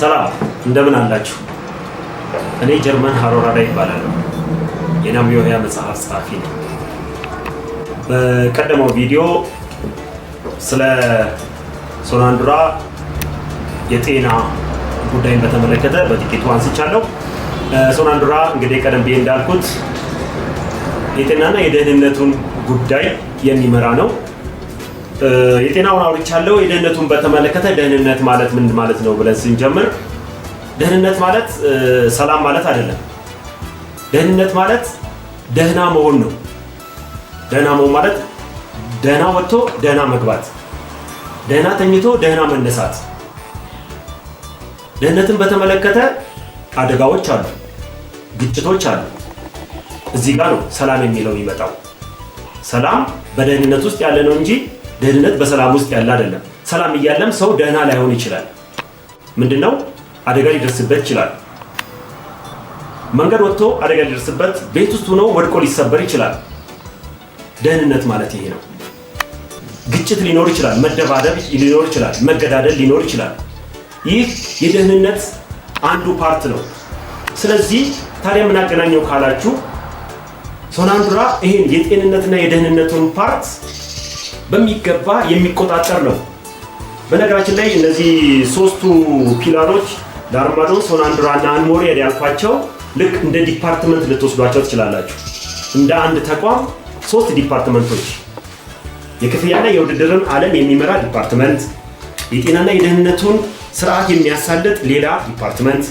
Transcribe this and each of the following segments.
ሰላም እንደምን አላችሁ? እኔ ጀርመን ላይ ይባላለሁ። የናምዮህያ መጽሐፍ ጸሐፊ ነው። በቀደመው ቪዲዮ ስለ ሶናንዱራ የጤና ጉዳይን በተመለከተ በጥቂቱ አንስቻለሁ። ሶናንዱራ እንግዲህ ቀደም ብዬ እንዳልኩት የጤናና የደህንነቱን ጉዳይ የሚመራ ነው። የጤናውን አውርቻለሁ። የደህንነቱን በተመለከተ ደህንነት ማለት ምን ማለት ነው ብለን ስንጀምር ደህንነት ማለት ሰላም ማለት አይደለም። ደህንነት ማለት ደህና መሆን ነው። ደህና መሆን ማለት ደህና ወጥቶ ደህና መግባት፣ ደህና ተኝቶ ደህና መነሳት። ደህንነትን በተመለከተ አደጋዎች አሉ፣ ግጭቶች አሉ። እዚህ ጋር ነው ሰላም የሚለው የሚመጣው። ሰላም በደህንነት ውስጥ ያለ ነው እንጂ ደህንነት በሰላም ውስጥ ያለ አይደለም። ሰላም እያለም ሰው ደህና ላይሆን ይችላል። ምንድነው አደጋ ሊደርስበት ይችላል። መንገድ ወጥቶ አደጋ ሊደርስበት፣ ቤት ውስጥ ሆኖ ወድቆ ሊሰበር ይችላል። ደህንነት ማለት ይሄ ነው። ግጭት ሊኖር ይችላል። መደባደብ ሊኖር ይችላል። መገዳደል ሊኖር ይችላል። ይህ የደህንነት አንዱ ፓርት ነው። ስለዚህ ታዲያ የምናገናኘው ካላችሁ ሶናንዱራ ይህን የጤንነትና የደህንነቱን ፓርት በሚገባ የሚቆጣጠር ነው። በነገራችን ላይ እነዚህ ሶስቱ ፒላሮች ዳርማዶ፣ ሶናንድራ እና አንሞሪየር ያልኳቸው ልክ እንደ ዲፓርትመንት ልትወስዷቸው ትችላላችሁ። እንደ አንድ ተቋም ሶስት ዲፓርትመንቶች የክፍያና የውድድርን ዓለም የሚመራ ዲፓርትመንት፣ የጤናና የደህንነቱን ስርዓት የሚያሳልጥ ሌላ ዲፓርትመንት፣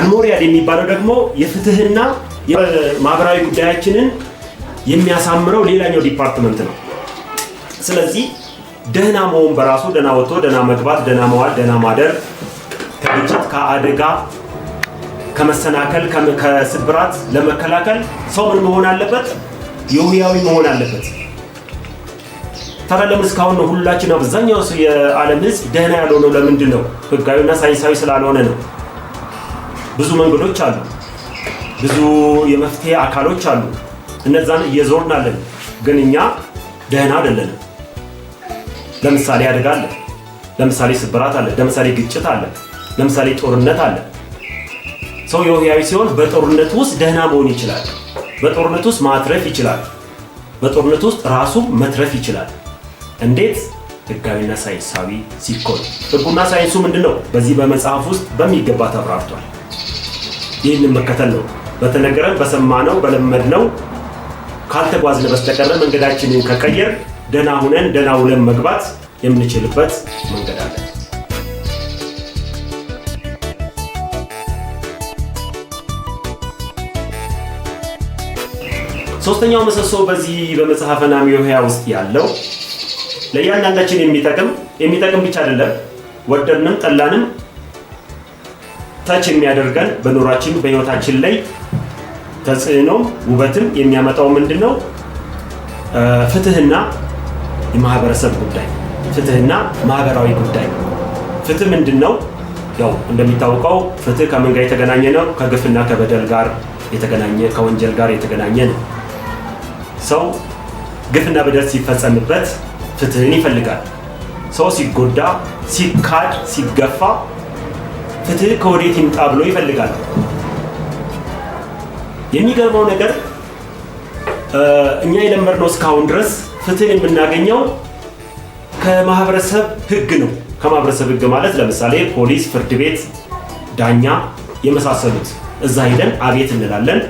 አንሞሪያድ የሚባለው ደግሞ የፍትህና ማህበራዊ ጉዳያችንን የሚያሳምረው ሌላኛው ዲፓርትመንት ነው። ስለዚህ ደህና መሆን በራሱ ደህና ወጥቶ ደህና መግባት፣ ደህና መዋል፣ ደህና ማደር ከግጭት ከአደጋ ከመሰናከል ከስብራት ለመከላከል ሰው ምን መሆን አለበት? የሙያዊ መሆን አለበት። ታዲያ ለምን እስካሁን ነው ሁላችን አብዛኛው የዓለም ሕዝብ ደህና ያልሆነው? ለምንድን ነው? ህጋዊና ሳይንሳዊ ስላልሆነ ነው። ብዙ መንገዶች አሉ፣ ብዙ የመፍትሄ አካሎች አሉ። እነዛን እየዞርናለን፣ ግን እኛ ደህና አይደለንም። ለምሳሌ አደጋ አለ፣ ለምሳሌ ስብራት አለ፣ ለምሳሌ ግጭት አለ፣ ለምሳሌ ጦርነት አለ። ሰው የውያዊ ሲሆን በጦርነት ውስጥ ደህና መሆን ይችላል። በጦርነት ውስጥ ማትረፍ ይችላል። በጦርነት ውስጥ ራሱ መትረፍ ይችላል። እንዴት? ህጋዊና ሳይንሳዊ ሲኮን ህጉና ሳይንሱ ምንድን ነው? በዚህ በመጽሐፍ ውስጥ በሚገባ ተብራርቷል። ይህንን መከተል ነው በተነገረን በሰማነው በለመድነው ካልተጓዝን በስተቀረ መንገዳችንን ከቀየር ደህና ሁነን ደህና ውለን መግባት የምንችልበት መንገድ አለ። ሶስተኛው ምሰሶ በዚህ በመጽሐፈ ነህምያ ውስጥ ያለው ለእያንዳንዳችን የሚጠቅም የሚጠቅም ብቻ አይደለም፣ ወደድንም ጠላንም ታች የሚያደርገን በኑሯችን በህይወታችን ላይ ተጽዕኖ ውበትም የሚያመጣው ምንድን ነው? ፍትህና የማህበረሰብ ጉዳይ፣ ፍትህና ማህበራዊ ጉዳይ። ፍትህ ምንድን ነው? ያው እንደሚታወቀው ፍትህ ከምን ጋር የተገናኘ ነው? ከግፍና ከበደል ጋር የተገናኘ ከወንጀል ጋር የተገናኘ ነው። ሰው ግፍና በደል ሲፈጸምበት ፍትህን ይፈልጋል። ሰው ሲጎዳ፣ ሲካድ፣ ሲገፋ ፍትህ ከወዴት ይምጣ ብሎ ይፈልጋል። የሚገርመው ነገር እኛ የለመድነው እስካሁን ድረስ ፍትህን የምናገኘው ከማህበረሰብ ህግ ነው። ከማህበረሰብ ህግ ማለት ለምሳሌ ፖሊስ፣ ፍርድ ቤት፣ ዳኛ የመሳሰሉት እዛ ሄደን አቤት እንላለን።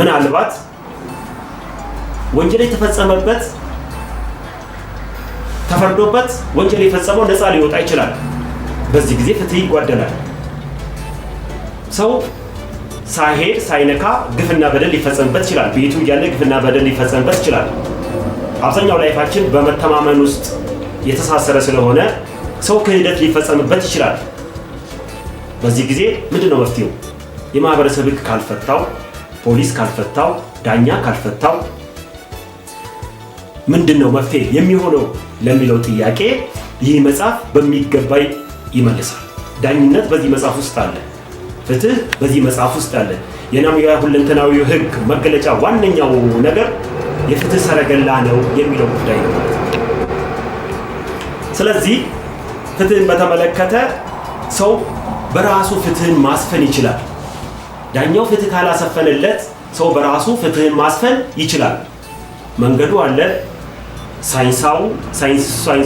ምናልባት ወንጀል የተፈጸመበት ተፈርዶበት ወንጀል የፈጸመው ነፃ ሊወጣ ይችላል። በዚህ ጊዜ ፍትህ ይጓደላል ሰው ሳይሄድ ሳይነካ ግፍና በደል ሊፈጸምበት ይችላል። ቤቱ እያለ ግፍና በደል ሊፈጸምበት ይችላል። አብዛኛው ላይፋችን በመተማመን ውስጥ የተሳሰረ ስለሆነ ሰው ክህደት ሊፈጸምበት ይችላል። በዚህ ጊዜ ምንድን ነው መፍትሄው? የማህበረሰብ ህግ ካልፈታው፣ ፖሊስ ካልፈታው፣ ዳኛ ካልፈታው ምንድን ነው መፍትሄ የሚሆነው ለሚለው ጥያቄ ይህ መጽሐፍ በሚገባ ይመልሳል። ዳኝነት በዚህ መጽሐፍ ውስጥ አለ። ፍትህ በዚህ መጽሐፍ ውስጥ አለ። የናሙያ ሁለንተናዊ ህግ መገለጫ ዋነኛው ነገር የፍትህ ሰረገላ ነው የሚለው ጉዳይ ነው። ስለዚህ ፍትህን በተመለከተ ሰው በራሱ ፍትህን ማስፈን ይችላል። ዳኛው ፍትህ ካላሰፈንለት ሰው በራሱ ፍትህን ማስፈን ይችላል። መንገዱ አለ፣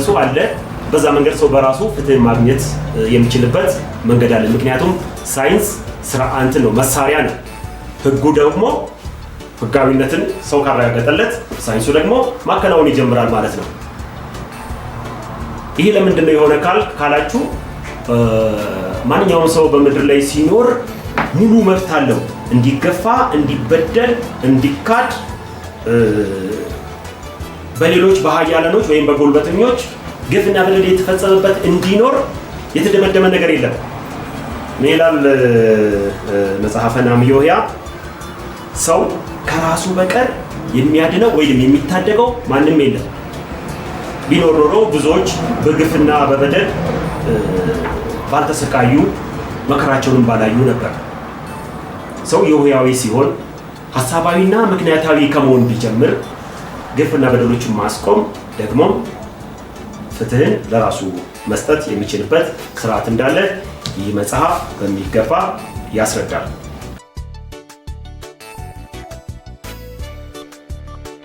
ሳይንሱ አለ በዛ መንገድ ሰው በራሱ ፍትህ ማግኘት የሚችልበት መንገድ አለ። ምክንያቱም ሳይንስ ስራ አንት ነው መሳሪያ ነው። ህጉ ደግሞ ህጋዊነትን ሰው ካረጋገጠለት ሳይንሱ ደግሞ ማከናወን ይጀምራል ማለት ነው። ይሄ ለምንድን ነው የሆነ ካል ካላችሁ ማንኛውም ሰው በምድር ላይ ሲኖር ሙሉ መብት አለው እንዲገፋ፣ እንዲበደል፣ እንዲካድ በሌሎች በሀያለኖች ወይም በጉልበተኞች ግፍና በደል የተፈጸመበት እንዲኖር የተደመደመ ነገር የለም። ምን ይላል መጽሐፈ ናምዮያ? ሰው ከራሱ በቀር የሚያድነው ወይም የሚታደገው ማንም የለም። ቢኖር ኖሮ ብዙዎች በግፍና በበደል ባልተሰቃዩ፣ መከራቸውንም ባላዩ ነበር። ሰው የውያዊ ሲሆን ሀሳባዊና ምክንያታዊ ከመሆን ቢጀምር ግፍና በደሎችን ማስቆም ደግሞም ፍትህን ለራሱ መስጠት የሚችልበት ስርዓት እንዳለ ይህ መጽሐፍ በሚገባ ያስረዳል።